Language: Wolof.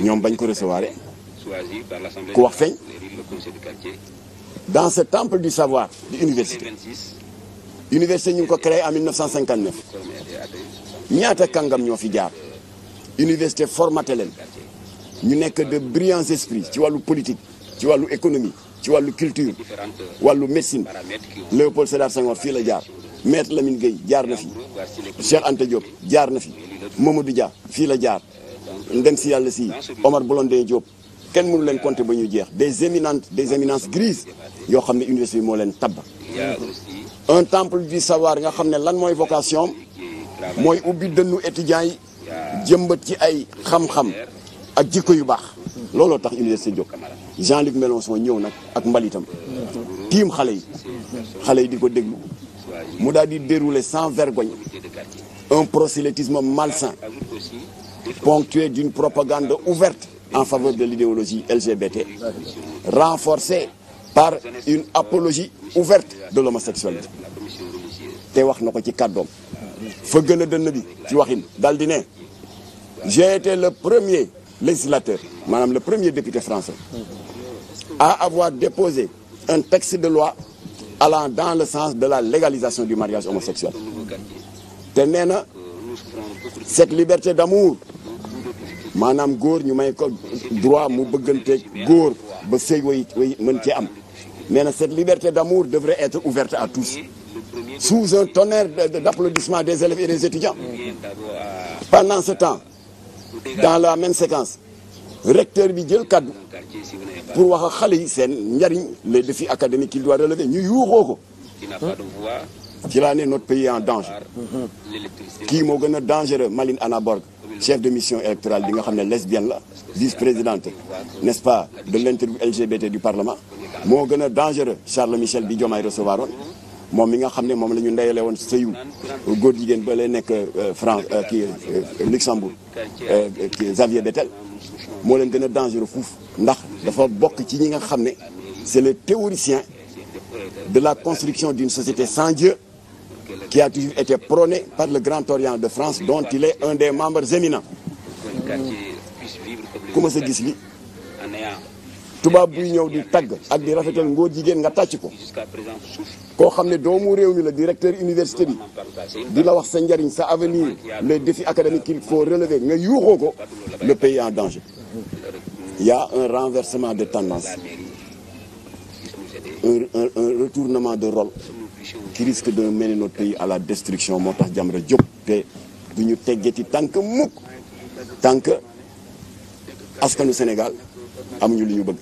ñoom bañ ko recevoir ku wax feeñ dans ce temple du savoir di université université ñu ngi ko créé en 1959 ñaata kàngam ñoo fi jaar université formaté leen ñu nekk de brillants esprits ci wàllu politique ci wàllu économie ci wàllu culture wàllu médecine Léopold Sédar Senghor fii la jaar Maître Lamine Gueye jaar na fi Cheikh Anta Diop jaar na fi Mamadou Dia fii la jaar ndem si yàlla si Omar Blondin Diop kenn mënu leen compter ba ñu jeex des éminentes des éminences grises yoo xam ne université bi moo leen tabb un temple du savoir nga xam ne lan mooy vocation mooy ubbi dënnu étudiants yi jëmbat ci ay xam-xam ak jikko yu baax looloo tax université jóg Jean-Luc Mélenchon ñëw nag ak mbalitam mmh. tiim xale yi mmh. xale yi di ko déglu mu daal di dérouler sans vergogne un prosélytisme malsain ponctuée d'une propagande ouverte en faveur de l'idéologie LGBT, renforcée par une apologie ouverte de l'homosexualité te wax na ko ci kàddoom fa gën a dënn bi ci waxin daal di ne j'ai été le premier législateur maanaam le premier député français à avoir déposé un texte de loi allant dans le sens de la légalisation du mariage homosexuel te nee na cette liberté d'amour maanaam góor ñu may ko droit mu bëgganteeg góor ba sëy way mën cee am nee na cette liberté d'amour devrait être ouverte à tous sous un tonnerre d'applaudissements des élèves et des étudiants pendant ce temps dans la même séquence recteur bi jël kaddu pour wax xale yi seen njariñ les défis académiques qu'il doit relever ñu yuuxoo ko ci laa ne notre pays en danger kii moo gën a dangereux Maline Anna Borg chef de mission électorale bi nga xam ne lesbienne la vice présidente n'est-ce pas de l'interview LGBT du parlement moo gën a dangereux Charles Michel bi Diomaye recevoir oon moom mi nga xam ne moom la ñu ndeyale woon sëyu góor jigéen ba lay nekk euh, France euh, kii euh, Luxembourg Xavier Bettel moo leen gën a dangereux fuuf ndax dafa bokk ci ñi nga xam ne c'est le théoricien de la construction d'une société sans Dieu qui a toujours été prôné par le Grand Orient de France dont il est un des membres éminents ku ma sa gis li tubaab buy ñëw di tagg ak di rafetal ngóor jigéen nga tàcc ko koo xam ne doomu réew mi la directeur université bi di la wax sa njariñ sa avenir les défis académiques qu'il faut relever nga yuuxoo ko le pays en danger il un renversement de tendance un, un, un retournement de role qui risque de mener notre pays à la destruction moo tax Jamra jóg te du ñu teggeti tànk mukk tànk askanu Sénégal amuñu lu ñu bëgg